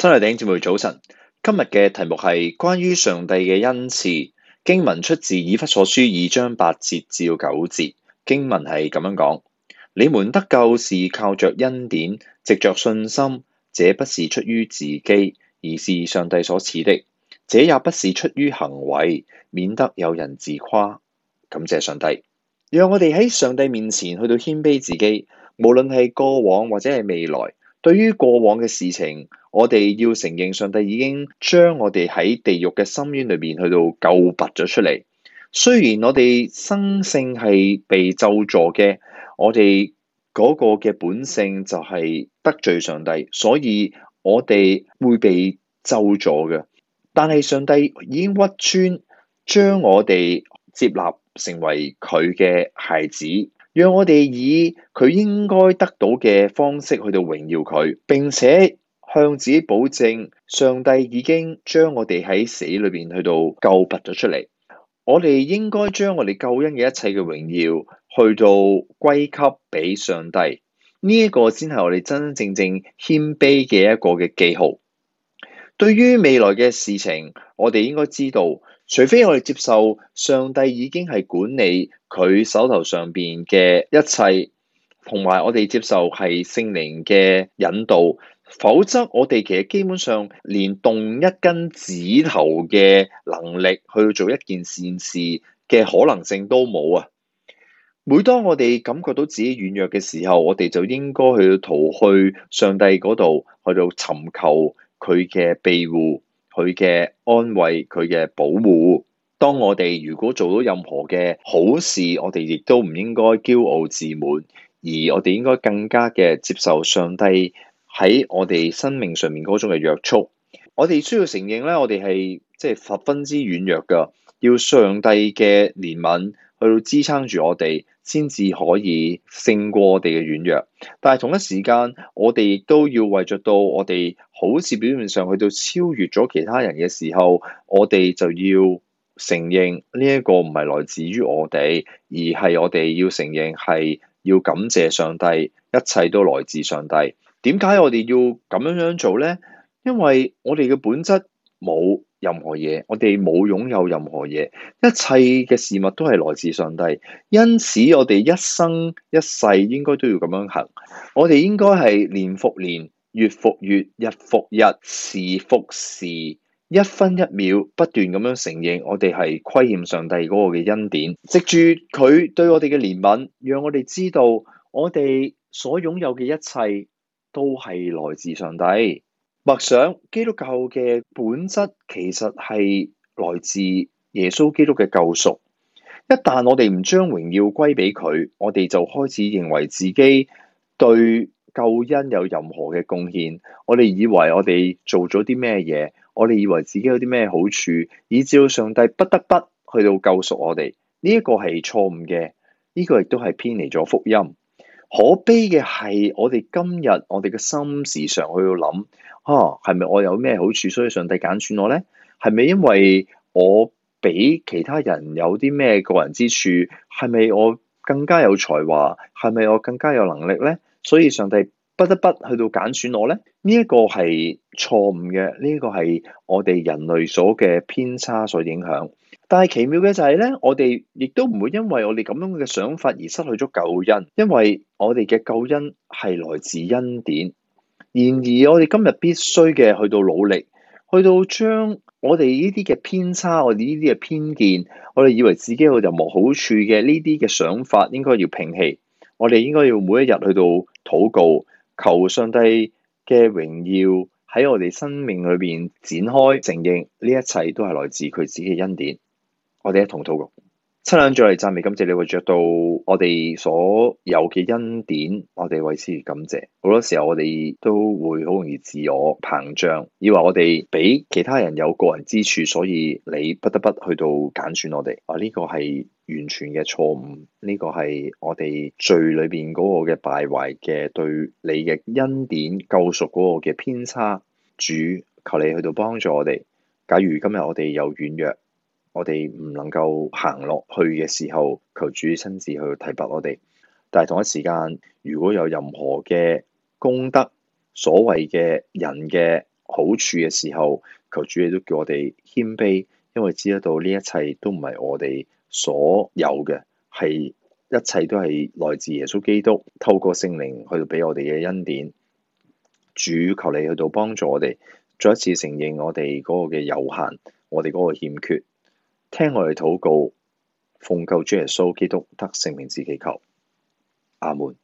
親愛弟兄姊妹早晨，今日嘅題目係關於上帝嘅恩賜，經文出自以弗所書二章八節至到九節，經文係咁樣講：你們得救是靠着恩典，藉着信心，這不是出於自己，而是上帝所賜的。這也不是出於行為，免得有人自誇。感謝上帝，讓我哋喺上帝面前去到謙卑自己，無論係過往或者係未來，對於過往嘅事情。我哋要承認，上帝已經將我哋喺地獄嘅深淵裏面去到救拔咗出嚟。雖然我哋生性係被咒詛嘅，我哋嗰個嘅本性就係得罪上帝，所以我哋會被咒詛嘅。但係上帝已經屈尊將我哋接納成為佢嘅孩子，讓我哋以佢應該得到嘅方式去到榮耀佢，並且。向自己保證，上帝已經將我哋喺死裏邊去到救拔咗出嚟。我哋應該將我哋救恩嘅一切嘅榮耀去到歸給俾上帝。呢一個先係我哋真真正正謙卑嘅一個嘅記號。對於未來嘅事情，我哋應該知道，除非我哋接受上帝已經係管理佢手頭上邊嘅一切，同埋我哋接受係聖靈嘅引導。否則，我哋其實基本上連動一根指頭嘅能力去做一件善事嘅可能性都冇啊！每當我哋感覺到自己軟弱嘅時候，我哋就應該去逃去上帝嗰度去到尋求佢嘅庇護、佢嘅安慰、佢嘅保護。當我哋如果做到任何嘅好事，我哋亦都唔應該驕傲自滿，而我哋應該更加嘅接受上帝。喺我哋生命上面嗰種嘅約束，我哋需要承認咧，我哋係即係十分之軟弱噶。要上帝嘅憐憫去到支撐住我哋，先至可以勝過我哋嘅軟弱。但係同一時間，我哋都要為着到我哋好似表面上去到超越咗其他人嘅時候，我哋就要承認呢一個唔係來自於我哋，而係我哋要承認係要感謝上帝，一切都來自上帝。點解我哋要咁樣樣做咧？因為我哋嘅本質冇任何嘢，我哋冇擁有任何嘢，一切嘅事物都係來自上帝。因此，我哋一生一世應該都要咁樣行。我哋應該係年復年，月復月，日復日，時復時，一分一秒不斷咁樣承認我哋係虧欠上帝嗰個嘅恩典，藉住佢對我哋嘅憐憫，讓我哋知道我哋所擁有嘅一切。都係來自上帝。默想基督教嘅本質，其實係來自耶穌基督嘅救贖。一旦我哋唔將榮耀歸俾佢，我哋就開始認為自己對救恩有任何嘅貢獻。我哋以為我哋做咗啲咩嘢，我哋以為自己有啲咩好處，以至到上帝不得不去到救贖我哋。呢一個係錯誤嘅，呢個亦都係偏離咗福音。可悲嘅係，我哋今日我哋嘅心時常去到諗，啊，係咪我有咩好處，所以上帝揀選我咧？係咪因為我比其他人有啲咩個人之處？係咪我更加有才華？係咪我更加有能力咧？所以上帝不得不去到揀選我咧？呢一個係錯誤嘅，呢一個係我哋人類所嘅偏差所影響。但係奇妙嘅就係咧，我哋亦都唔會因為我哋咁樣嘅想法而失去咗救恩，因為我哋嘅救恩係來自恩典。然而，我哋今日必須嘅去到努力，去到將我哋呢啲嘅偏差，我哋呢啲嘅偏見，我哋以為自己有任何好處嘅呢啲嘅想法，應該要摒棄。我哋應該要每一日去到禱告，求上帝嘅榮耀喺我哋生命裏邊展開，承認呢一切都係來自佢自己嘅恩典。我哋一同禱告，親享再嚟讚美感謝你為着到我哋所有嘅恩典，我哋為此感謝。好多時候我哋都會好容易自我膨脹，以為我哋比其他人有過人之處，所以你不得不去到揀選我哋。啊，呢、這個係完全嘅錯誤，呢、這個係我哋罪裏邊嗰個嘅敗壞嘅對你嘅恩典救贖嗰個嘅偏差。主求你去到幫助我哋。假如今日我哋有軟弱。我哋唔能夠行落去嘅時候，求主親自去提拔我哋。但係同一時間，如果有任何嘅功德、所謂嘅人嘅好處嘅時候，求主亦都叫我哋謙卑，因為知道呢一切都唔係我哋所有嘅，係一切都係來自耶穌基督透過聖靈去到俾我哋嘅恩典。主求你去到幫助我哋再一次承認我哋嗰個嘅有限，我哋嗰個欠缺。聽我哋禱告，奉救主耶穌基督得聖名自己求，阿門。